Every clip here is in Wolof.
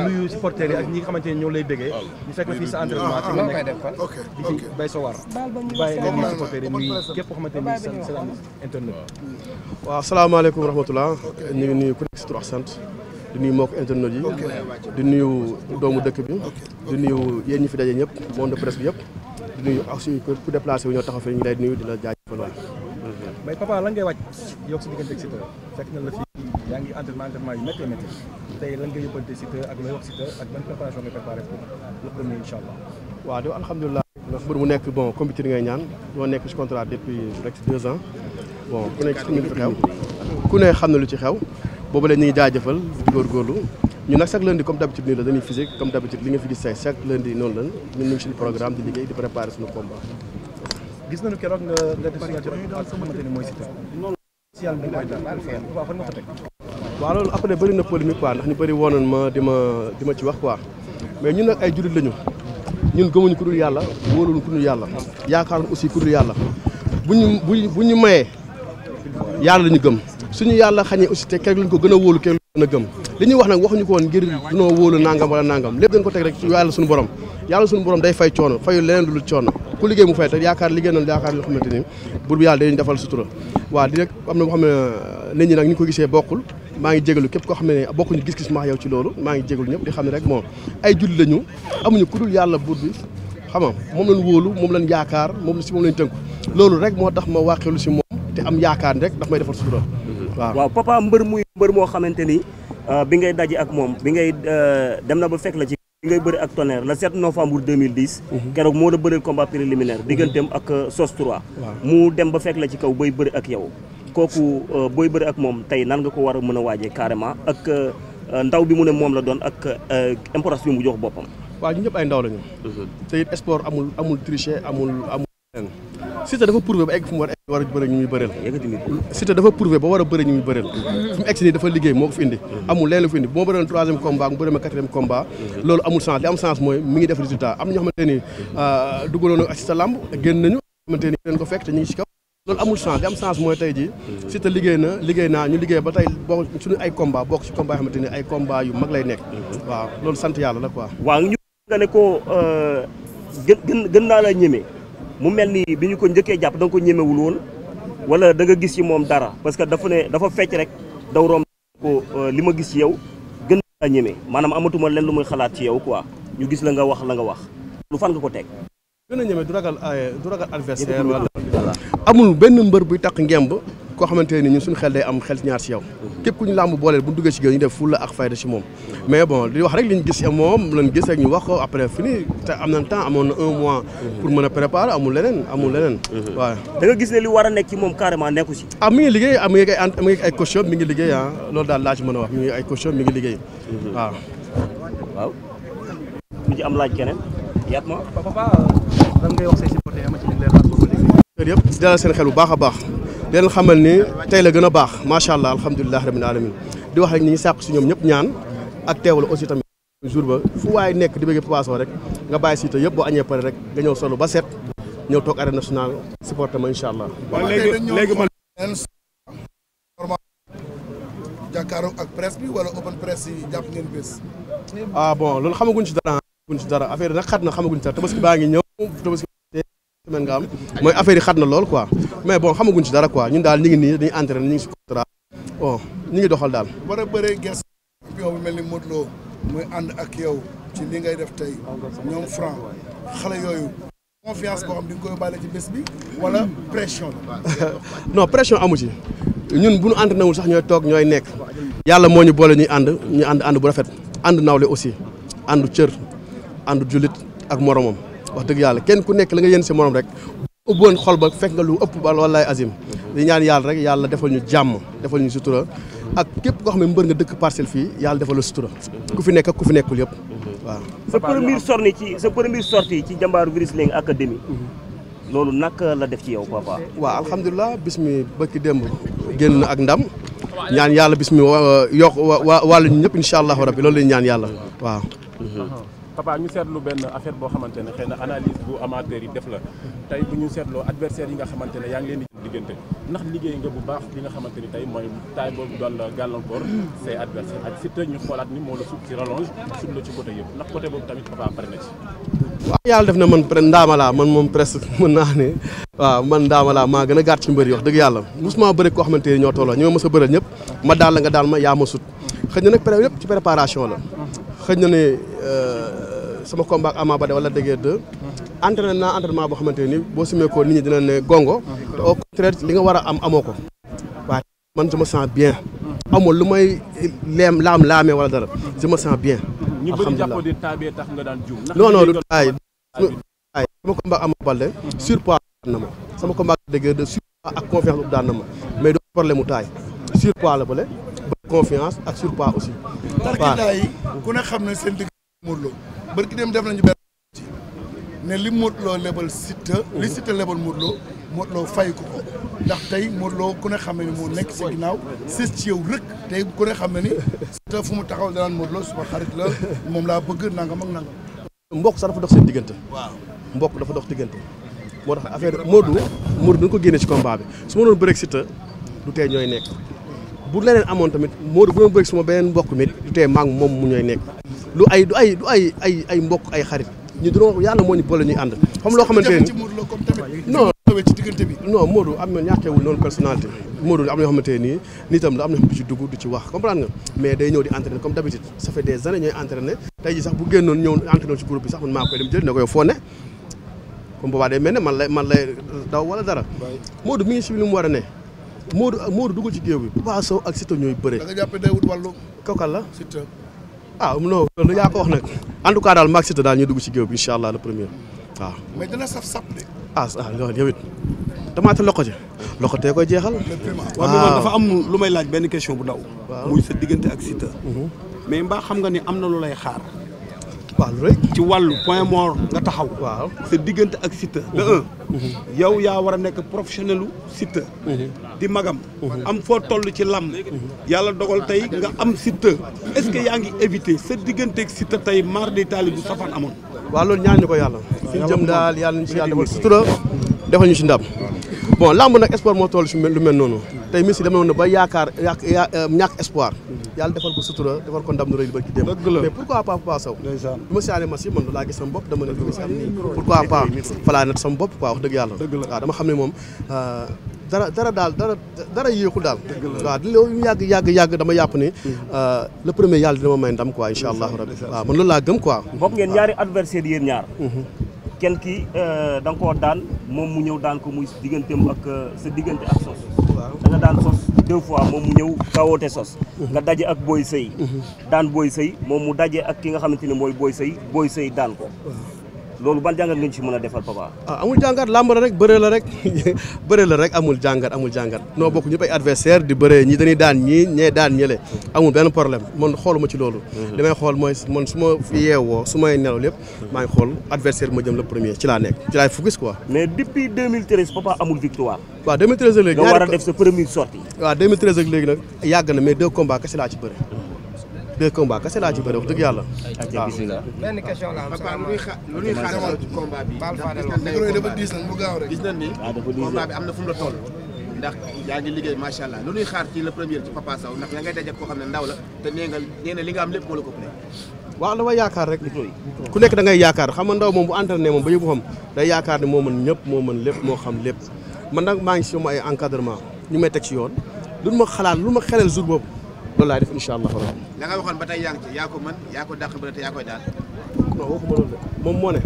nuyu supporters yi ak ñi nga xamante lay bëggee ñu fekk fii sa entraînement ci nga nekk ah, ah, bàyyi nga nuyu supporters yi nuyu képp koo xamante ne seen waaw salaamaaleykum rahmatullah ñu ngi nuyu ku nekk si tur ak sant di nuyu mbokk internet yi di nuyu doomu dëkk bi di nuyu yéen ñi fi daje ñëpp monde presse bi yëpp di nuyu ak suñu ku déplacé wu ñoo taxaw fi ñu lay nuyu di jaaj papa la ngay wàcc yow si diggante ak Siteu fekk na la fi yaa ngi entraînement entraînement yu métti métti tey lan nga yóbbante Siteu ak looy wax Siteu ak ban préparation nga préparé pour le premier incha allah. waaw mu nekk bon compétiteur ngay ñaan doo nekk ci contrat depuis rek deux ans bon ku ne xam na lu ci xew ku ne xam na lu ci xew boobu la ñu ngi jaajëfal di ñu nag chaque lundi comme d'habitude nii la dañuy physique comme d'habitude li nga fi gis say chaque lundi noonu la ñun ñu ngi suñu programme di liggéey di préparer suñu combat. gis nañu keroog nga nga def signature mooy Siteu. social bi mooy daal waaw fan nga ko teg. waaw loolu après bëri na polémique ndax ñu bëri woonoon ma di ma di ma ci wax quoi mais ñun nag ay jullit lañu ñun gëmuñu ku dul yàlla wóoluñu ku dul yàlla yaakaaroon aussi ku dul yàlla bu ñu bu ñu mayee yàlla la ñu gëm suñu yàlla xañee aussi te kenn lañ ko gën a wóolu kenn lañ ko gën a gëm li ñuy wax nag waxuñu ko woon ngir dunoo wóolu nangam wala nangam lépp dañ ko teg rek yàlla suñu borom yàlla suñu borom day fay coono fayul leneen lu dul ku liggéey mu fay te yaakaar liggéey noonu yaakaar loo xamante ni buur bi yàlla dañuy defal sutura waaw di rek am na boo xam ne euh, nit nag ñu ko gisee bokkul maa ngi jégalu képp ko xam ne bokkuñu gis-gis ma yow ci loolu maa ngi jégalu ñëpp di xam ne rek moom ay julli lañu amuñu ku dul yàlla buur bi xam nga moom lañ wóolu moom lañ yaakaar moom si moom lañ tënku loolu rek moo tax ma wàqeelu si moom te am yaakaar rek daf may defal sutura waaw waaw papa mbër muy mbër moo xamante ni euh, bi ngay daje ak moom bi ngay euh, dem na ba fekk la ci ni ngay bëri ak Tonnerre le 7 novembre 2010. Mhm. keroog moo la bëreel combat préliminaire digganteem ak SOS euh, 3. mu dem ba fekk la ci kaw booy bëri ak yow. kooku euh, booy bëri ak moom tey nan nga ko war a mën a waajee carrément ak euh, ndaw bi mu ne moom la doon ak importance bi mu jox boppam. waaw ñu ñëpp ay ndaw la ñu. Mhm. te it amul amul amul amul. Siteu dafa prouvé ba egg fu mu war a war a bëre ñu muy bëreel Siteu dafa prouvé a bëre ñu mu egg si dafa liggéey moo ko fi indi amul leen la fi indi bu ma bëreeloon troisième loolu amul sens li am sens mooy mi ngi def résultat am na ñoo xamante ni euh, génn nañu xamante ni leen ko fekk te ngi si kaw loolu amul sens li am mooy tey jii Siteu liggéey na liggéey naa ñu liggéey ba tey bokk suñu ay combat bokk si combat yoo xamante ni ay combat yu mag lay nekk waaw loolu sant yàlla la ko waaw ñu nga ne ko euh, gën gën naa la ñeme mu mel ni bi ñu ko njëkkee jàpp da nga ko ñemewul woon wala da nga gis ci moom dara parce que dafa ne dafa fecc rek daw rom euh, li ma gis ci yow gën a ñeme maanaam amatuma leen lu muy xalaat ci yow quoi ñu gis la nga wax la nga wax lu fan nga ko teg. gën ñeme du ragal euh, du ragal adversaire amul benn mbër buy takk ngemb. koo xamante ni ñun suñ xel day am xel ñaar si yow képp ku ñu làmb booleel bu ñu duggee si géew ñu def fulla ak fayda si moom mais bon di wax rek li ñu gis moom lan gis rek ñu wax ko après fini te am nañ temps amoon na un mois pour mën a préparer amul leneen amul leneen waa da nga gis ne li war a nekk ci moom carrément nekku si am ah, mi ngi liggéey ah mi ngi ay mi mi ngi liggéey ah loolu daal laa ci mën a wax mi ngi ay coacham mi ngi liggéey waaw mu ci am laaj keneen yaat ma wax say supporter ama ci liñ lay xaar seen xel bu baax a baax leen xamal ni tey la gën a baax macha allah alhamdulilah rabbil alamin di wax rek ni ñu sàq si ñoom ñëpp ñaan ak teewal aussi tamit jour ba fu waaye nekk di bëgg Papa Sow rek nga bàyyi si te yëpp boo añee pare rek nga ñëw solo ba set ñëw toog arène nationale supporté ma incha allah. jàkkaaroo ak presse bi wala open presse yi jàpp ngeen bés. ah bon loolu xamaguñ ci dara xamaguñ ci dara affaire nag xat na xamaguñ ci dara tabaski baa ngi ñëw tabaski semaine nga am mooy affaire yi xat na lool quoi mais bon xamaguñ ci dara ko ñun daal ñu ngi nii dañuy entraîné ñu ngi ci contrat bon ñu doxal daal. war a ges champion bi mel ni Modou Lo ànd ak yow ci li ngay def tey xale yooyu. confiance boo xam di nga ci bés bi wala pression amu ci ñun bu ñu entraîné sax ñooy toog ñooy nekk. yàlla moo ñu boole ñuy ànd ñu ànd ànd bu rafet ànd nawle aussi ànd cër ànd jullit ak moromam. wax dëgg yàlla kenn ku nekk la nga yéen si morom rek ubboon xol ba fekk nga lu ëpp ba wallaay azim di ñaan yàlla rek yàlla defal ñu jàmm defal ñu sutura ak képp koo xam ne mbër nga dëkk parcelle fii yàlla defal la sutura ku fi nekk ku fi nekkul yëpp waaw sa première sorti ci sa première sortie ci jàmbaaru Wrestling loolu naka la def ci yow papa waaw alhamdulilah bis mi bëkki démb génn ak ndam ñaan yàlla bis mi yokk waa ñu ñëpp incha allahu rabbi loolu lañu ñaan yàlla papa ñu seetlu benn affaire boo xamante ne xëy na analyse bu amateur yi def la tey bu ñu seetloo adversaire yi nga xamante ne yaa ngi leen di diggante ndax liggéey nga bu baax li nga xamante ni tey mooy taay boobu doon la gàllankoor say adversaire ak surtout ñu xoolaat ni moo la sut ci rallonge sut la ci côté yëpp ndax côté boobu tamit papa pare na ci waaw yàlla def na man pre ndaama man moom presque mën naa ne waaw man ndaama laa maa gën a gàtt ci a la xëy na ne euh, sama combat am Ama Baldé wala Lac de Guiers naa entraînement boo xamante ni boo simee ko nit ñi dina ne gongo te au li nga war a am amoo ko waaw man je bien amul lu may leem laam laamee wala dara je me sens bien ñu bëri jàppoon ne taa bee tax nga daan juum non taay taay sama combat ak na ma sama combat ak Lac de Guiers 2 la bële confiance ak surpoids aussi. tarkindaa yi ku ne xam ne seen digg Modou Lo barki dem def nañu benn ci ne li Modou Lo lebal Siteu li mhm. Siteu lebal Modou Lo Modou Lo fay ko ndax tey Modou Lo ku ne xam ne ni moo nekk si ginnaaw sës ci yow rek ku ne xam ne ni Siteu fu mu taxaw danaan Modou Lo suma xarit la moom laa bëgg nangam ak nangam. mbokk sax dafa dox seen diggante. waaw mbokk diggante. moo tax affaire Modou Modou dañ ko génne ci combat bi su ma doon bëreeg Siteu du tey ñooy nekk. bu leneen amoon tamit Modou bu ma bëgg suma beneen mbokk mi du tee maa moom mu ñooy nekk lu ay du ay du ay mbokk ay xarit ñu dunoo yàlla moo ñu boole ñuy ànd xam loo xamante ne non non Modou am na ñàkkeewul xam du ci dugg du ci wax comprendre nga mais day ñëw di entraîner comme d'habitude ça fait des années ñooy entraîner tey ji sax bu génnoon ñëw entraîner ci groupe sax man maa koy dem jël ne ko yow foo ne comme man lay man lay daw wala dara Modou mi ngi si li mu war a ne Modou Modou dugg ci géew bi Papa Sow ak Siteu ñooy bëre. da nga jàpp day wut wàllu. kooku la Siteu. ah non loolu yaa ko wax nag en tout cas daal maag Siteu daal ñuy dugg ci géew bi incha allah le premier waaw. mais dina saf sap de. ah ah loolu yow it tamaate loxote loxotee koy jeexal. Ah. waaw waaw dafa am lu may laaj benn question bu daw. muy sa diggante ak Siteu. Mhm. mais mbaa xam nga ni am na lu lay xaar. waa ci wàllu point mort nga taxaw. waaw sa diggante ak Siteu. Mhm. yow yaa war a nekk professionnel lu Siteu. Mhm. di magam. Mhm. am foo toll ci làmm. yàlla dogal tey nga am Siteu. est-ce yaa ngi éviter sa diggante ak Siteu tey mar taali bu safaan amoon. waaw loolu ñaan ñu ko yàlla. fi jëm daal yàlla ñu si yàlla defal sutura. si ndam. bon làmb nag espoir moo toll si lu mel noonu. tey Messi dama woon ba yaakaar ñàkk espoir. yàlla defal ko sutura defal ko ndam nu rëy ba ci dem mais pourquoi pas Papa Sow bi ma siyaane mas yi man a gis sama bopp dama ne dama siyaane nii pourquoi pas falaa nat sama bopp quoi wax dëgg yàlla waaw dama xam ne moom euh, dara dara daal dama yàpp ni hmm. euh, le premier yàlla dina ma may ndam quoi insha allahu rabbi man loolu laa gëm quoi bokk ngeen ñaari adversaire yéen ñaar hmm. kenn ki euh, da nga koo moom mu ñëw daan ko muy digganteem ak sa diggante ak sos da deux fois moom mu ñëw kawoote sos mhm. nga daje ak booy sëy mhm. daan booy sëy moom mu daje ak ki nga xamante ne mooy booy sëy booy sëy daan ko mhm. loolu ban jàngat nga ci mën a defal papa. ah amul jàngat làmb la rek bëre la rek bëre la rek amul jàngat amul jàngat noo bokk ñëpp ay adversaire di bëree ñii dañuy daan ñii ñee daan ñële amul benn problème man ma ci loolu mhm. li xool mooy man su ma fi yeewoo su may nelaw lépp maa xool adversaire bi ma jëm la premier ci laa nekk ci laay focus quoi mais depuis 2013 papa amul victoire waaw 2013 ak léegi nga a def sa première sortie léegi nag yàgg na mais deux combats kese laa ci bëre mhm. deux combats kese laa la am sax lu ñuy xa lu ñuy xaaral ci koo xam ne ndaw la te nee nga li nga am lépp moo la ko ku nekk da ngay yaakaar xam nga ndaw moom bu entraîné moom ba yëg xam day yaakaar ne moo mën ñëpp moo mën lépp moo xam lépp man nag maa ngi si sama ay encadrement ñu may teg ci yoon lu ma xalaat lu ma xelal jour boobu loolu laay def incha allahu rabbi la nga waxoon ba tey yaa ngi ci yaa mën yaa ko dàq bëre daal moom moo ne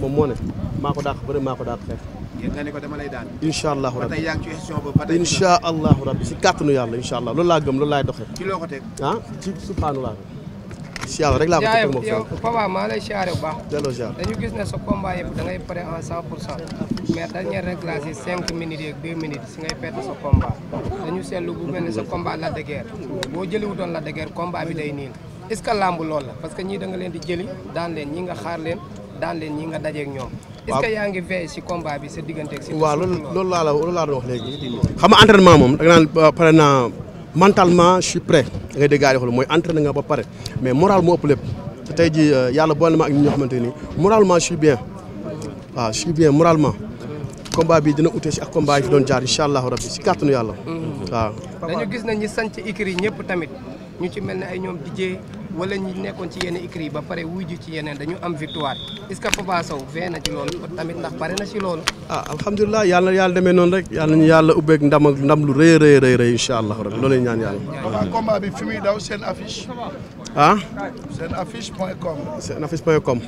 moom moo ne maa ko dàq bëre maa ko dàq xeex nga ne ko dama lay daal incha allahu rabbi ba tey yaa ngi ci question boobu ba tey incha allahu rabbi si kàttanu yàlla incha allah loolu laa gëm loolu laay doxe ci loo ko teg ah ci subhanallah siyaar rek laa ko teg moom yow maa lay siyaare bu dañu gis ne sa combat yëpp da pare mais dernier réglage yi cinq minutes yeeg deux minutes si ngay perte sa combat dañu seetlu bu mel ne sa combat la de guerre boo jëliwutoon la de guerre bi day niin est-ce que làmb la parce que ñii da leen di jëli daan leen ñi nga xaar leen daan leen ñi nga dajeeg ñoom. waaw yaa ngi veillé si combat bi sa digganteeg si. waaw loolu loolu laa la loolu laa doon wax léegi. xam nga entraînement moom da nga euh, pare mentalement je suis prêt da ngay dégg gars yi xool mooy entraîné nga ba pare mais moral moo ëpp lépp te tey jii euh, yàlla boole ma ak ñi ñoo xamante ni moralement je suis bien waaw je suis bien moralement combat bi dina utee si ak combat yi fi doon jaar incha allahu rabbi si kàttanu yàlla mhm. waaw dañu gis nañu sanc écurie ñëpp tamit ñu ci mel ne ay ñoom DJ wala ñi nekkoon ci yenn écrit ba pare wuy ji ci yeneen dañu am victoire est-ce que Papa Sow fee na ci loolu tamit ndax pare na ci loolu. ah alhamdulilah yàlla na yàlla demee noonu rek yàlla nañu yàlla ubbeeg ndam ak ndam lu rëy a rëy rëy incha allah rek loolu ñaan yàlla. waaw fi muy daw seen affiche. ah. seen affiche point com. seen affiche point com.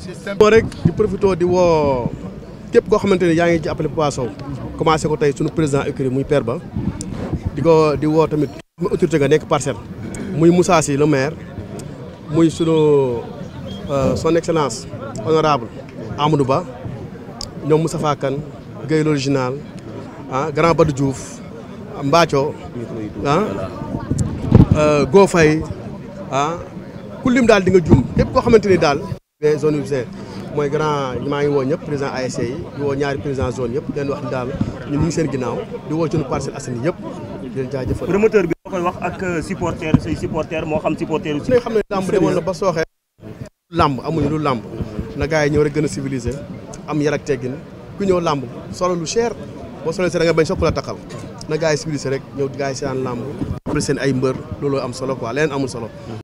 système rek di profité di woo képp koo xamante ne yaa ngi ci appelé Papa Sow commencé ko tey sunu président écrit muy père di ko di woo tamit autorité nga nekk parcelle. muy Moussa Sy le maire muy sunu euh, son excellence honorable Amadou Ba ñoom Moustapha Kane Guèye l'original ah Grand Badou Diouf Mbathio ah euh, Go Faye ah, ku lim daal di nga juum képp koo xamante ni daal les zones urbaines mooy grand maa ngi woo ñëpp président ASC yi di woo ñaari président zone yëpp leen wax ni daal ñun ñu ngi seen ginnaaw di woo suñu Parcelles Assainies yëpp di leen jaajëfal koy wax ak euh, supporter say euh, supporter moo xam supporter aussi. xam ne làmb demoon na ba sooxee. làmb amuñu lu làmb na gars yi ñëw rek gën a civilisé am yarak ak teggin ku ñëw làmb solo lu cher boo solo si da nga bañ sokku la taxal na gars yi rek ñëw gars yi si daan làmb. seen ay mbër looloo am solo quoi leen amul solo.